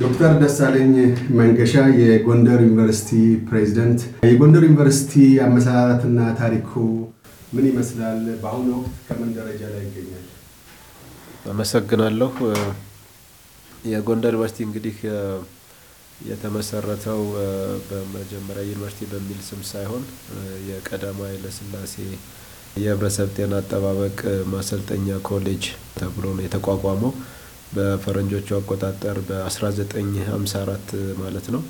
ዶክተር ደሳለኝ መንገሻ የጎንደር ዩኒቨርሲቲ ፕሬዚደንት፣ የጎንደር ዩኒቨርሲቲ አመሰራረትና ታሪኩ ምን ይመስላል? በአሁኑ ወቅት ከምን ደረጃ ላይ ይገኛል? አመሰግናለሁ። የጎንደር ዩኒቨርሲቲ እንግዲህ የተመሰረተው በመጀመሪያ ዩኒቨርሲቲ በሚል ስም ሳይሆን የቀዳማዊ ኃይለሥላሴ የህብረተሰብ ጤና አጠባበቅ ማሰልጠኛ ኮሌጅ ተብሎ ነው የተቋቋመው። በፈረንጆቹ አቆጣጠር በ1954 ማለት ነው።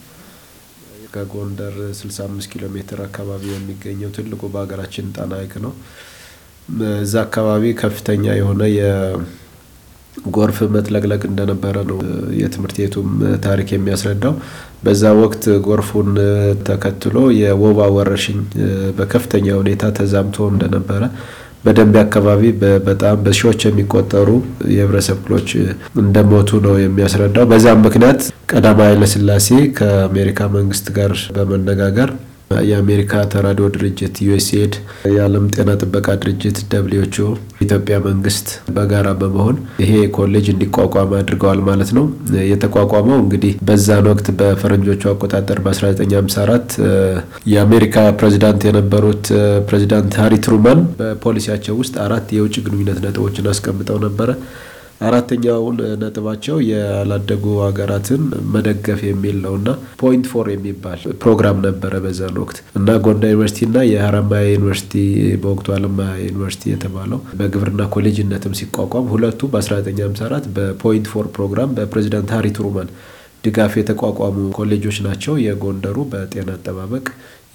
ከጎንደር 65 ኪሎ ሜትር አካባቢ የሚገኘው ትልቁ በሀገራችን ጣና ሐይቅ ነው። እዛ አካባቢ ከፍተኛ የሆነ የጎርፍ መጥለቅለቅ እንደነበረ ነው የትምህርት ቤቱም ታሪክ የሚያስረዳው። በዛ ወቅት ጎርፉን ተከትሎ የወባ ወረርሽኝ በከፍተኛ ሁኔታ ተዛምቶ እንደነበረ በደንቢ አካባቢ በጣም በሺዎች የሚቆጠሩ የህብረተሰብ ክፍሎች እንደሞቱ ነው የሚያስረዳው። በዛም ምክንያት ቀዳማዊ ኃይለስላሴ ከአሜሪካ መንግስት ጋር በመነጋገር የአሜሪካ ተራድኦ ድርጅት ዩኤስኤድ፣ የዓለም ጤና ጥበቃ ድርጅት ደብሊውኤችኦ፣ ኢትዮጵያ መንግስት በጋራ በመሆን ይሄ ኮሌጅ እንዲቋቋም አድርገዋል ማለት ነው። የተቋቋመው እንግዲህ በዛን ወቅት በፈረንጆቹ አቆጣጠር በ1954 የአሜሪካ ፕሬዚዳንት የነበሩት ፕሬዚዳንት ሃሪ ትሩማን በፖሊሲያቸው ውስጥ አራት የውጭ ግንኙነት ነጥቦችን አስቀምጠው ነበረ። አራተኛው ነጥባቸው ያላደጉ ሀገራትን መደገፍ የሚል ነው እና ፖይንት ፎር የሚባል ፕሮግራም ነበረ በዛን ወቅት እና ጎንደር ዩኒቨርሲቲ እና የሀረማያ ዩኒቨርሲቲ በወቅቱ አለማያ ዩኒቨርሲቲ የተባለው በግብርና ኮሌጅነትም ሲቋቋም ሁለቱ በ1954 በፖይንት ፎር ፕሮግራም በፕሬዚዳንት ሀሪ ቱሩመን ድጋፍ የተቋቋሙ ኮሌጆች ናቸው። የጎንደሩ በጤና አጠባበቅ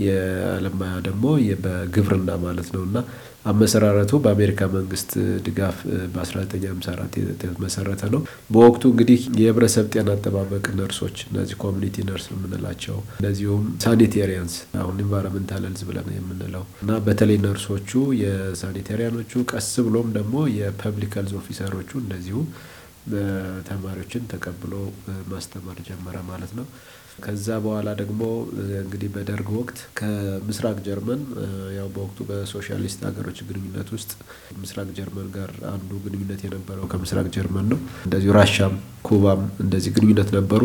የአለማያ ደግሞ በግብርና ማለት ነው። እና አመሰራረቱ በአሜሪካ መንግስት ድጋፍ በ1954 የተመሰረተ ነው። በወቅቱ እንግዲህ የህብረተሰብ ጤና አጠባበቅ ነርሶች፣ እነዚህ ኮሚኒቲ ነርስ የምንላቸው እነዚሁም ሳኒቴሪያንስ አሁን ኢንቫይሮመንታል ብለን የምንለው እና በተለይ ነርሶቹ የሳኒቴሪያኖቹ ቀስ ብሎም ደግሞ የፐብሊክ ኦፊሰሮቹ እንደዚሁ ተማሪዎችን ተቀብሎ ማስተማር ጀመረ ማለት ነው። ከዛ በኋላ ደግሞ እንግዲህ በደርግ ወቅት ከምስራቅ ጀርመን ያው በወቅቱ በሶሻሊስት ሀገሮች ግንኙነት ውስጥ ምስራቅ ጀርመን ጋር አንዱ ግንኙነት የነበረው ከምስራቅ ጀርመን ነው። እንደዚሁ ራሻም ኩባም እንደዚህ ግንኙነት ነበሩ።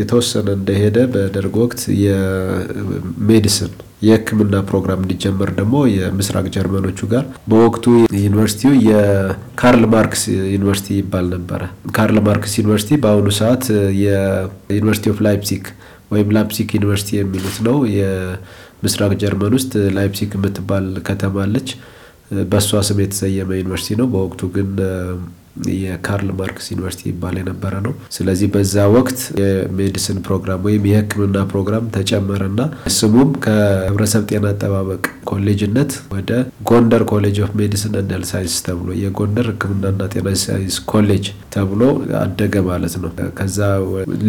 የተወሰነ እንደሄደ በደርግ ወቅት የሜዲሲን የሕክምና ፕሮግራም እንዲጀመር ደግሞ የምስራቅ ጀርመኖቹ ጋር በወቅቱ ዩኒቨርሲቲው የካርል ማርክስ ዩኒቨርሲቲ ይባል ነበረ። ካርል ማርክስ ዩኒቨርሲቲ በአሁኑ ሰዓት የዩኒቨርሲቲ ኦፍ ላይፕሲክ ወይም ላይፕሲክ ዩኒቨርሲቲ የሚሉት ነው። የምስራቅ ጀርመን ውስጥ ላይፕሲክ የምትባል ከተማ አለች። በእሷ ስም የተሰየመ ዩኒቨርሲቲ ነው። በወቅቱ ግን የካርል ማርክስ ዩኒቨርሲቲ ይባል የነበረ ነው። ስለዚህ በዛ ወቅት የሜዲሲን ፕሮግራም ወይም የሕክምና ፕሮግራም ተጨመረና ስሙም ከህብረተሰብ ጤና አጠባበቅ ኮሌጅነት ወደ ጎንደር ኮሌጅ ኦፍ ሜዲሲን ኤንድ ሄልዝ ሳይንስ ተብሎ የጎንደር ሕክምናና ጤና ሳይንስ ኮሌጅ ተብሎ አደገ ማለት ነው። ከዛ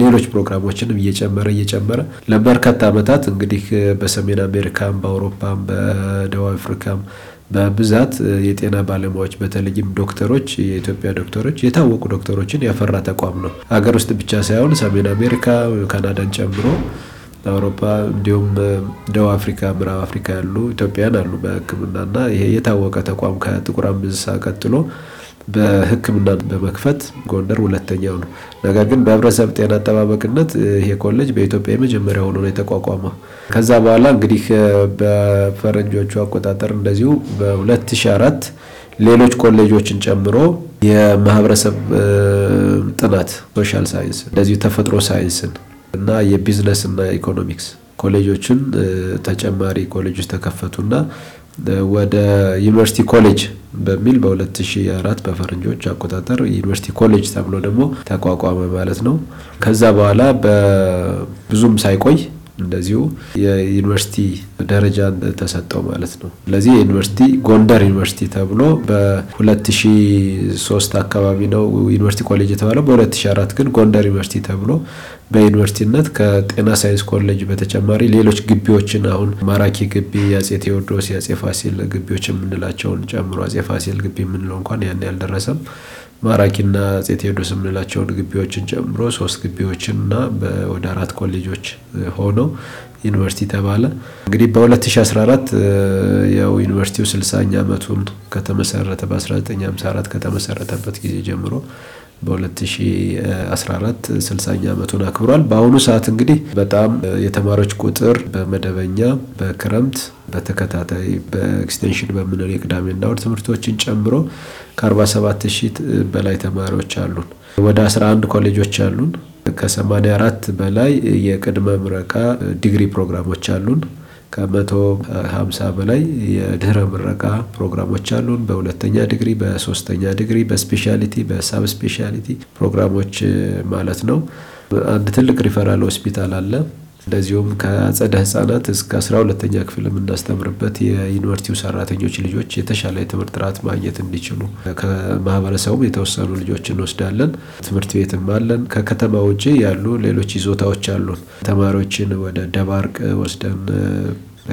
ሌሎች ፕሮግራሞችንም እየጨመረ እየጨመረ ለበርካታ ዓመታት እንግዲህ በሰሜን አሜሪካም፣ በአውሮፓም፣ በደቡብ አፍሪካም በብዛት የጤና ባለሙያዎች በተለይም ዶክተሮች የኢትዮጵያ ዶክተሮች የታወቁ ዶክተሮችን ያፈራ ተቋም ነው። ሀገር ውስጥ ብቻ ሳይሆን ሰሜን አሜሪካ፣ ካናዳን ጨምሮ አውሮፓ፣ እንዲሁም ደቡብ አፍሪካ፣ ምዕራብ አፍሪካ ያሉ ኢትዮጵያን አሉ በሕክምናና ይሄ የታወቀ ተቋም ከጥቁር አንበሳ ቀጥሎ በሕክምና በመክፈት ጎንደር ሁለተኛው ነው። ነገር ግን በህብረተሰብ ጤና አጠባበቅነት ይሄ ኮሌጅ በኢትዮጵያ የመጀመሪያ ሆኖ ነው የተቋቋመው። ከዛ በኋላ እንግዲህ በፈረንጆቹ አቆጣጠር እንደዚሁ በ2004 ሌሎች ኮሌጆችን ጨምሮ የማህበረሰብ ጥናት ሶሻል ሳይንስ እንደዚሁ ተፈጥሮ ሳይንስን እና የቢዝነስ እና ኢኮኖሚክስ ኮሌጆችን ተጨማሪ ኮሌጆች ተከፈቱና ወደ ዩኒቨርሲቲ ኮሌጅ በሚል በ2004 በፈረንጆች አቆጣጠር ዩኒቨርሲቲ ኮሌጅ ተብሎ ደግሞ ተቋቋመ ማለት ነው። ከዛ በኋላ በብዙም ሳይቆይ እንደዚሁ የዩኒቨርሲቲ ደረጃን ተሰጠው ማለት ነው። ስለዚህ ዩኒቨርሲቲ ጎንደር ዩኒቨርሲቲ ተብሎ በ2003 አካባቢ ነው ዩኒቨርሲቲ ኮሌጅ የተባለው። በ2004 ግን ጎንደር ዩኒቨርሲቲ ተብሎ በዩኒቨርሲቲነት ከጤና ሳይንስ ኮሌጅ በተጨማሪ ሌሎች ግቢዎችን አሁን ማራኪ ግቢ፣ የአጼ ቴዎድሮስ፣ የአጼ ፋሲል ግቢዎች የምንላቸውን ጨምሮ አጼ ፋሲል ግቢ የምንለው እንኳን ያን ያልደረሰም ማራኪና አፄ ቴዎድሮስ የምንላቸውን ግቢዎችን ጨምሮ ሶስት ግቢዎችን እና ወደ አራት ኮሌጆች ሆነው ዩኒቨርሲቲ ተባለ። እንግዲህ በ2014 ያው ዩኒቨርሲቲው 60ኛ ዓመቱን ከተመሰረተ በ1954 ከተመሰረተበት ጊዜ ጀምሮ በ2014 60ኛ ዓመቱን አክብሯል። በአሁኑ ሰዓት እንግዲህ በጣም የተማሪዎች ቁጥር በመደበኛ በክረምት በተከታታይ በኤክስቴንሽን በምንል የቅዳሜና እሁድ ትምህርቶችን ጨምሮ ከ47 ሺህ በላይ ተማሪዎች አሉን። ወደ 11 ኮሌጆች አሉን። ከ84 በላይ የቅድመ ምረቃ ዲግሪ ፕሮግራሞች አሉን። ከመቶ ሀምሳ በላይ የድህረ ምረቃ ፕሮግራሞች አሉን። በሁለተኛ ዲግሪ፣ በሶስተኛ ዲግሪ፣ በስፔሻሊቲ፣ በሳብ ስፔሻሊቲ ፕሮግራሞች ማለት ነው። አንድ ትልቅ ሪፈራል ሆስፒታል አለ። እንደዚሁም ከአጸደ ህጻናት እስከ አስራ ሁለተኛ ክፍል የምናስተምርበት የዩኒቨርሲቲው ሰራተኞች ልጆች የተሻለ የትምህርት ጥራት ማግኘት እንዲችሉ ከማህበረሰቡም የተወሰኑ ልጆች እንወስዳለን። ትምህርት ቤትም አለን። ከከተማ ውጭ ያሉ ሌሎች ይዞታዎች አሉን። ተማሪዎችን ወደ ደባርቅ ወስደን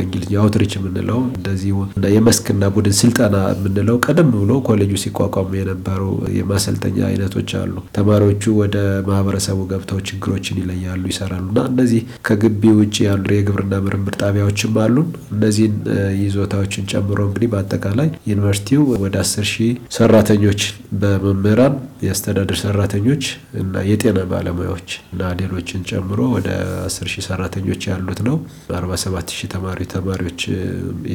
እንግሊዝኛ አውትሪች የምንለው እንደዚህ የመስክና ቡድን ስልጠና የምንለው ቀደም ብሎ ኮሌጁ ሲቋቋሙ የነበሩ የማሰልጠኛ አይነቶች አሉ። ተማሪዎቹ ወደ ማህበረሰቡ ገብተው ችግሮችን ይለያሉ፣ ይሰራሉ እና እነዚህ ከግቢ ውጭ ያሉ የግብርና ምርምር ጣቢያዎችም አሉን። እነዚህን ይዞታዎችን ጨምሮ እንግዲህ በአጠቃላይ ዩኒቨርሲቲው ወደ አስር ሺህ ሰራተኞች በመምህራን የአስተዳደር ሰራተኞች እና የጤና ባለሙያዎች እና ሌሎችን ጨምሮ ወደ አስር ሺህ ሰራተኞች ያሉት ነው። አርባ ሰባት ሺህ ተማሪ ተማሪዎች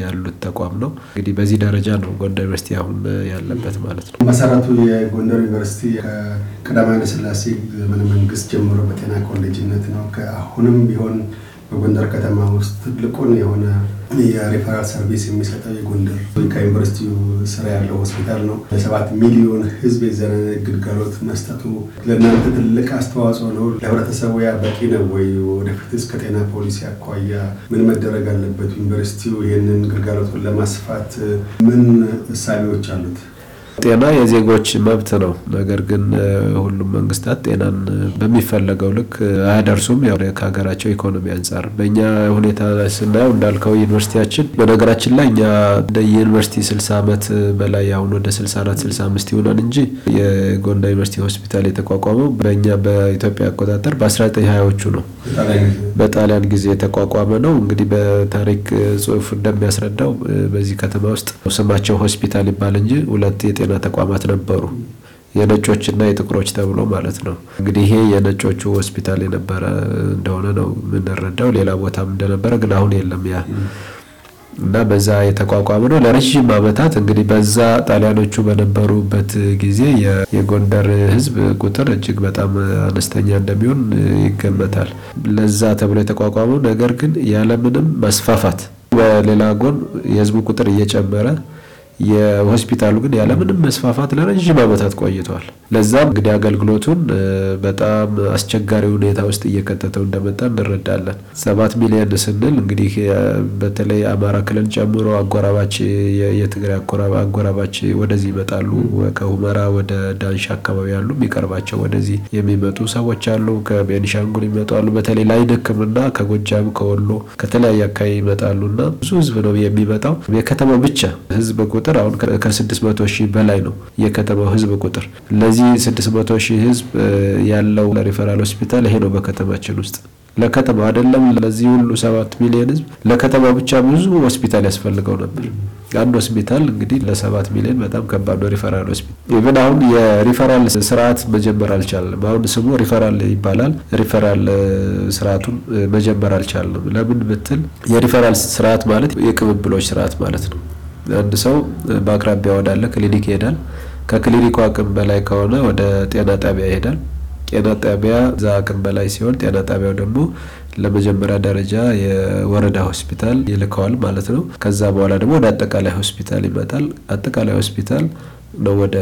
ያሉት ተቋም ነው። እንግዲህ በዚህ ደረጃ ነው ጎንደር ዩኒቨርሲቲ አሁን ያለበት ማለት ነው። መሰረቱ የጎንደር ዩኒቨርሲቲ ከቀዳማዊ ኃይለሥላሴ ዘመነ መንግስት ጀምሮ በጤና ኮሌጅነት ነው። አሁንም ቢሆን በጎንደር ከተማ ውስጥ ትልቁን የሆነ የሪፈራል ሰርቪስ የሚሰጠው የጎንደር ከዩኒቨርሲቲው ስራ ያለው ሆስፒታል ነው። ለሰባት ሚሊዮን ህዝብ የዘረነ ግልጋሎት መስጠቱ ለእናንተ ትልቅ አስተዋጽኦ ነው። ለህብረተሰቡ ያ በቂ ነው ወይ? እስከ ጤና ፖሊሲ አኳያ ምን መደረግ አለበት? ዩኒቨርሲቲው ይህንን ግልጋሎቱን ለማስፋት ምን እሳቤዎች አሉት? ጤና የዜጎች መብት ነው። ነገር ግን ሁሉም መንግስታት ጤናን በሚፈለገው ልክ አያደርሱም። ከሀገራቸው ኢኮኖሚ አንጻር በእኛ ሁኔታ ስናየው እንዳልከው ዩኒቨርሲቲያችን በነገራችን ላይ እኛ እንደ ዩኒቨርሲቲ ስልሳ ዓመት በላይ አሁን ወደ 64 65 ይሆናል እንጂ የጎንደር ዩኒቨርሲቲ ሆስፒታል የተቋቋመው በእኛ በኢትዮጵያ አቆጣጠር በ1920ዎቹ ነው። በጣሊያን ጊዜ የተቋቋመ ነው። እንግዲህ በታሪክ ጽሁፍ እንደሚያስረዳው በዚህ ከተማ ውስጥ ስማቸው ሆስፒታል ይባል እንጂ ሁለት የጤና ተቋማት ነበሩ። የነጮችና የጥቁሮች ተብሎ ማለት ነው። እንግዲህ ይሄ የነጮቹ ሆስፒታል የነበረ እንደሆነ ነው የምንረዳው። ሌላ ቦታም እንደነበረ ግን አሁን የለም ያ እና በዛ የተቋቋመ ነው። ለረዥም ዓመታት እንግዲህ በዛ ጣሊያኖቹ በነበሩበት ጊዜ የጎንደር ሕዝብ ቁጥር እጅግ በጣም አነስተኛ እንደሚሆን ይገመታል። ለዛ ተብሎ የተቋቋመው ነገር ግን ያለምንም መስፋፋት በሌላ ጎን የሕዝቡ ቁጥር እየጨመረ የሆስፒታሉ ግን ያለምንም መስፋፋት ለረዥም ዓመታት ቆይተዋል። ለዛም እንግዲህ አገልግሎቱን በጣም አስቸጋሪ ሁኔታ ውስጥ እየከተተው እንደመጣ እንረዳለን። ሰባት ሚሊዮን ስንል እንግዲህ በተለይ አማራ ክልል ጨምሮ አጎራባች የትግራይ አጎራባች ወደዚህ ይመጣሉ። ከሁመራ ወደ ዳንሻ አካባቢ ያሉ የሚቀርባቸው ወደዚህ የሚመጡ ሰዎች አሉ። ከቤኒሻንጉል ይመጡ በተለይ ለዓይን ሕክምና ከጎጃም ከወሎ ከተለያየ አካባቢ እና ብዙ ህዝብ ነው የሚመጣው። የከተማው ብቻ ህዝብ ቁጥር አሁን ከስድስት መቶ ሺህ በላይ ነው የከተማው ህዝብ ቁጥር። ለዚህ ስድስት መቶ ሺህ ህዝብ ያለው ሪፈራል ሆስፒታል ይሄ ነው በከተማችን ውስጥ ለከተማ አይደለም ለዚህ ሁሉ ሰባት ሚሊዮን ህዝብ ለከተማ ብቻ ብዙ ሆስፒታል ያስፈልገው ነበር። አንድ ሆስፒታል እንግዲህ ለሰባት ሚሊዮን በጣም ከባድ ነው። ሪፈራል ሆስፒታል ኢቨን አሁን የሪፈራል ስርዓት መጀመር አልቻለም። አሁን ስሙ ሪፈራል ይባላል። ሪፈራል ስርዓቱን መጀመር አልቻለም። ለምን ብትል የሪፈራል ስርዓት ማለት የቅብብሎች ስርዓት ማለት ነው። አንድ ሰው በአቅራቢያ ወዳለ ክሊኒክ ይሄዳል። ከክሊኒኩ አቅም በላይ ከሆነ ወደ ጤና ጣቢያ ይሄዳል። ጤና ጣቢያ እዛ አቅም በላይ ሲሆን፣ ጤና ጣቢያው ደግሞ ለመጀመሪያ ደረጃ የወረዳ ሆስፒታል ይልከዋል ማለት ነው። ከዛ በኋላ ደግሞ ወደ አጠቃላይ ሆስፒታል ይመጣል። አጠቃላይ ሆስፒታል ነው ወደ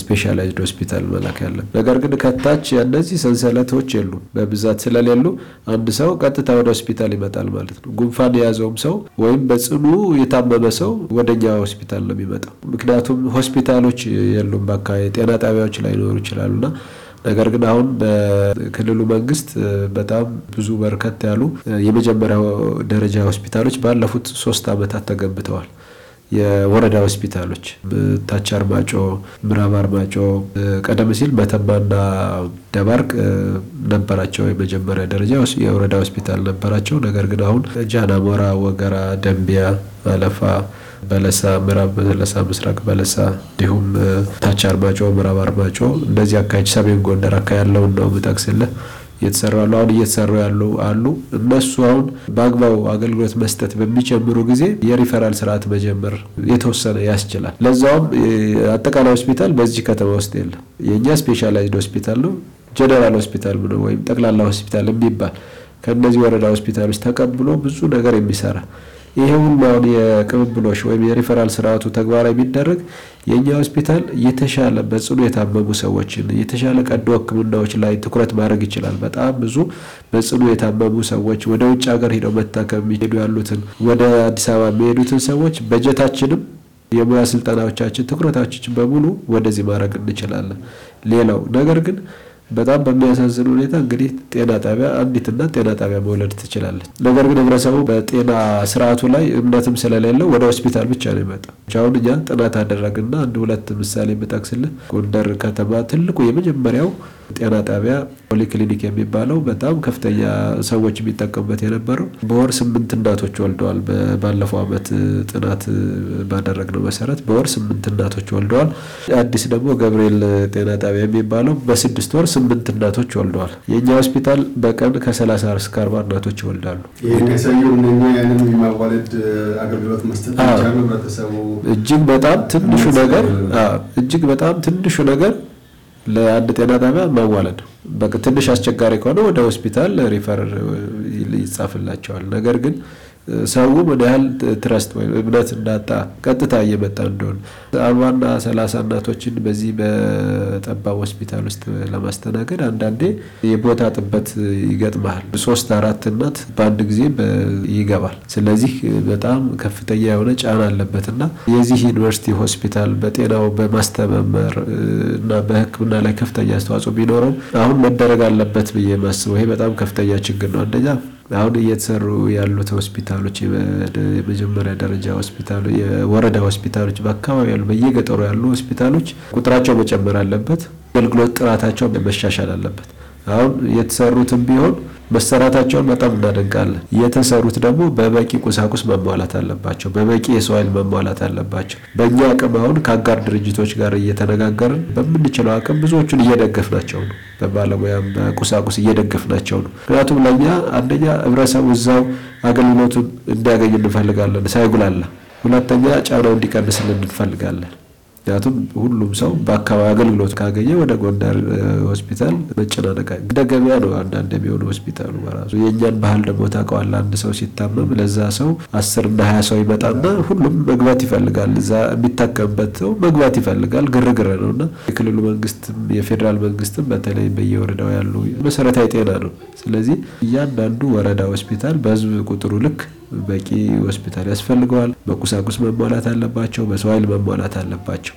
ስፔሻላይዝድ ሆስፒታል መላክ ያለ። ነገር ግን ከታች እነዚህ ሰንሰለቶች የሉም፣ በብዛት ስለሌሉ አንድ ሰው ቀጥታ ወደ ሆስፒታል ይመጣል ማለት ነው። ጉንፋን የያዘውም ሰው ወይም በጽኑ የታመመ ሰው ወደኛ ሆስፒታል ነው የሚመጣው። ምክንያቱም ሆስፒታሎች የሉም በአካባቢ ጤና ጣቢያዎች ላይኖሩ ይችላሉና ነገር ግን አሁን በክልሉ መንግስት በጣም ብዙ በርከት ያሉ የመጀመሪያ ደረጃ ሆስፒታሎች ባለፉት ሶስት ዓመታት ተገንብተዋል። የወረዳ ሆስፒታሎች ታች አርማጮ፣ ምዕራብ አርማጮ፣ ቀደም ሲል መተማና ደባርቅ ነበራቸው። የመጀመሪያ ደረጃ የወረዳ ሆስፒታል ነበራቸው። ነገር ግን አሁን ጃን አሞራ፣ ወገራ፣ ደንቢያ፣ አለፋ፣ በለሳ፣ ምዕራብ በለሳ፣ ምስራቅ በለሳ እንዲሁም ታች አርማጮ፣ ምዕራብ አርማጮ እንደዚህ አካባቢ ሰሜን ጎንደር አካባቢ ያለውን ነው ምጠቅስልህ። እየተሰሩ ያሉ አሁን እየተሰሩ ያሉ አሉ። እነሱ አሁን በአግባቡ አገልግሎት መስጠት በሚጀምሩ ጊዜ የሪፈራል ስርዓት መጀመር የተወሰነ ያስችላል። ለዛውም አጠቃላይ ሆስፒታል በዚህ ከተማ ውስጥ የለም። የእኛ ስፔሻላይዝድ ሆስፒታል ነው ጀነራል ሆስፒታል ወይም ጠቅላላ ሆስፒታል የሚባል ከእነዚህ ወረዳ ሆስፒታሎች ተቀብሎ ብዙ ነገር የሚሰራ ይሄ ሁሉ አሁን የቅብብሎሽ ወይም የሪፈራል ስርዓቱ ተግባራዊ ቢደረግ የእኛ ሆስፒታል የተሻለ በጽኑ የታመሙ ሰዎችን የተሻለ ቀዶ ሕክምናዎች ላይ ትኩረት ማድረግ ይችላል። በጣም ብዙ በጽኑ የታመሙ ሰዎች ወደ ውጭ ሀገር ሄደው መታከም የሚሄዱ ያሉትን ወደ አዲስ አበባ የሚሄዱትን ሰዎች በጀታችንም የሙያ ስልጠናዎቻችን ትኩረታችን በሙሉ ወደዚህ ማድረግ እንችላለን። ሌላው ነገር ግን በጣም በሚያሳዝን ሁኔታ እንግዲህ ጤና ጣቢያ አንዲት እናት ጤና ጣቢያ መውለድ ትችላለች። ነገር ግን ህብረተሰቡ በጤና ስርዓቱ ላይ እምነትም ስለሌለው ወደ ሆስፒታል ብቻ ነው ይመጣ። አሁን እኛ ጥናት አደረግና አንድ ሁለት ምሳሌ የምጠቅስልህ ጎንደር ከተማ ትልቁ የመጀመሪያው ጤና ጣቢያ ፖሊክሊኒክ የሚባለው በጣም ከፍተኛ ሰዎች የሚጠቀሙበት የነበረው በወር ስምንት እናቶች ወልደዋል። ባለፈው ዓመት ጥናት ባደረግነው መሰረት በወር ስምንት እናቶች ወልደዋል። አዲስ ደግሞ ገብርኤል ጤና ጣቢያ የሚባለው በስድስት ወር ስምንት እናቶች ወልደዋል። የእኛ ሆስፒታል በቀን ከሰላሳ እስከ አርባ እናቶች ይወልዳሉ። እጅግ በጣም ትንሹ ነገር እጅግ በጣም ትንሹ ነገር ለአንድ ጤና ጣቢያ ማዋለድ በትንሽ ትንሽ አስቸጋሪ ከሆነ ወደ ሆስፒታል ሪፈር ይጻፍላቸዋል። ነገር ግን ሰው ምን ያህል ትረስት ወይም እምነት እንዳጣ ቀጥታ እየመጣ እንደሆነ አርባና ሰላሳ እናቶችን በዚህ በጠባብ ሆስፒታል ውስጥ ለማስተናገድ አንዳንዴ የቦታ ጥበት ይገጥመሃል። ሶስት አራት እናት በአንድ ጊዜ ይገባል። ስለዚህ በጣም ከፍተኛ የሆነ ጫና አለበት እና የዚህ ዩኒቨርሲቲ ሆስፒታል በጤናው በማስተመመር እና በሕክምና ላይ ከፍተኛ አስተዋጽኦ ቢኖረው አሁን መደረግ አለበት ብዬ ማስበው ይሄ በጣም ከፍተኛ ችግር ነው አንደኛ አሁን እየተሰሩ ያሉት ሆስፒታሎች የመጀመሪያ ደረጃ ሆስፒታሉ፣ የወረዳ ሆስፒታሎች፣ በአካባቢ ያሉ በየገጠሩ ያሉ ሆስፒታሎች ቁጥራቸው መጨመር አለበት። አገልግሎት ጥራታቸው መሻሻል አለበት። አሁን የተሰሩትም ቢሆን መሰራታቸውን በጣም እናደንቃለን። የተሰሩት ደግሞ በበቂ ቁሳቁስ መሟላት አለባቸው። በበቂ የሰው ኃይል መሟላት አለባቸው። በእኛ አቅም አሁን ከአጋር ድርጅቶች ጋር እየተነጋገርን በምንችለው አቅም ብዙዎቹን እየደገፍናቸው ነው። በባለሙያም በቁሳቁስ እየደገፍናቸው ነው። ምክንያቱም ለእኛ አንደኛ ህብረተሰቡ እዛው አገልግሎቱን እንዲያገኝ እንፈልጋለን ሳይጉላላ፣ ሁለተኛ ጫናው እንዲቀንስልን እንፈልጋለን። ምክንያቱም ሁሉም ሰው በአካባቢ አገልግሎት ካገኘ ወደ ጎንደር ሆስፒታል መጨናነቃ እንደ ገበያ ነው አንዳንድ የሚሆኑ ሆስፒታሉ በራሱ የእኛን ባህል ደግሞ ታውቀዋል። አንድ ሰው ሲታመም ለዛ ሰው እና ሀያ ሰው ይመጣና ሁሉም መግባት ይፈልጋል። እዛ የሚታከምበት ሰው መግባት ይፈልጋል። ግርግር ነው እና የክልሉ መንግስትም የፌዴራል መንግስትም በተለይ በየወረዳው ያሉ መሰረታዊ ጤና ነው። ስለዚህ እያንዳንዱ ወረዳ ሆስፒታል በህዝብ ቁጥሩ ልክ በቂ ሆስፒታል ያስፈልገዋል። በቁሳቁስ መሟላት አለባቸው፣ በሰው ኃይል መሟላት አለባቸው።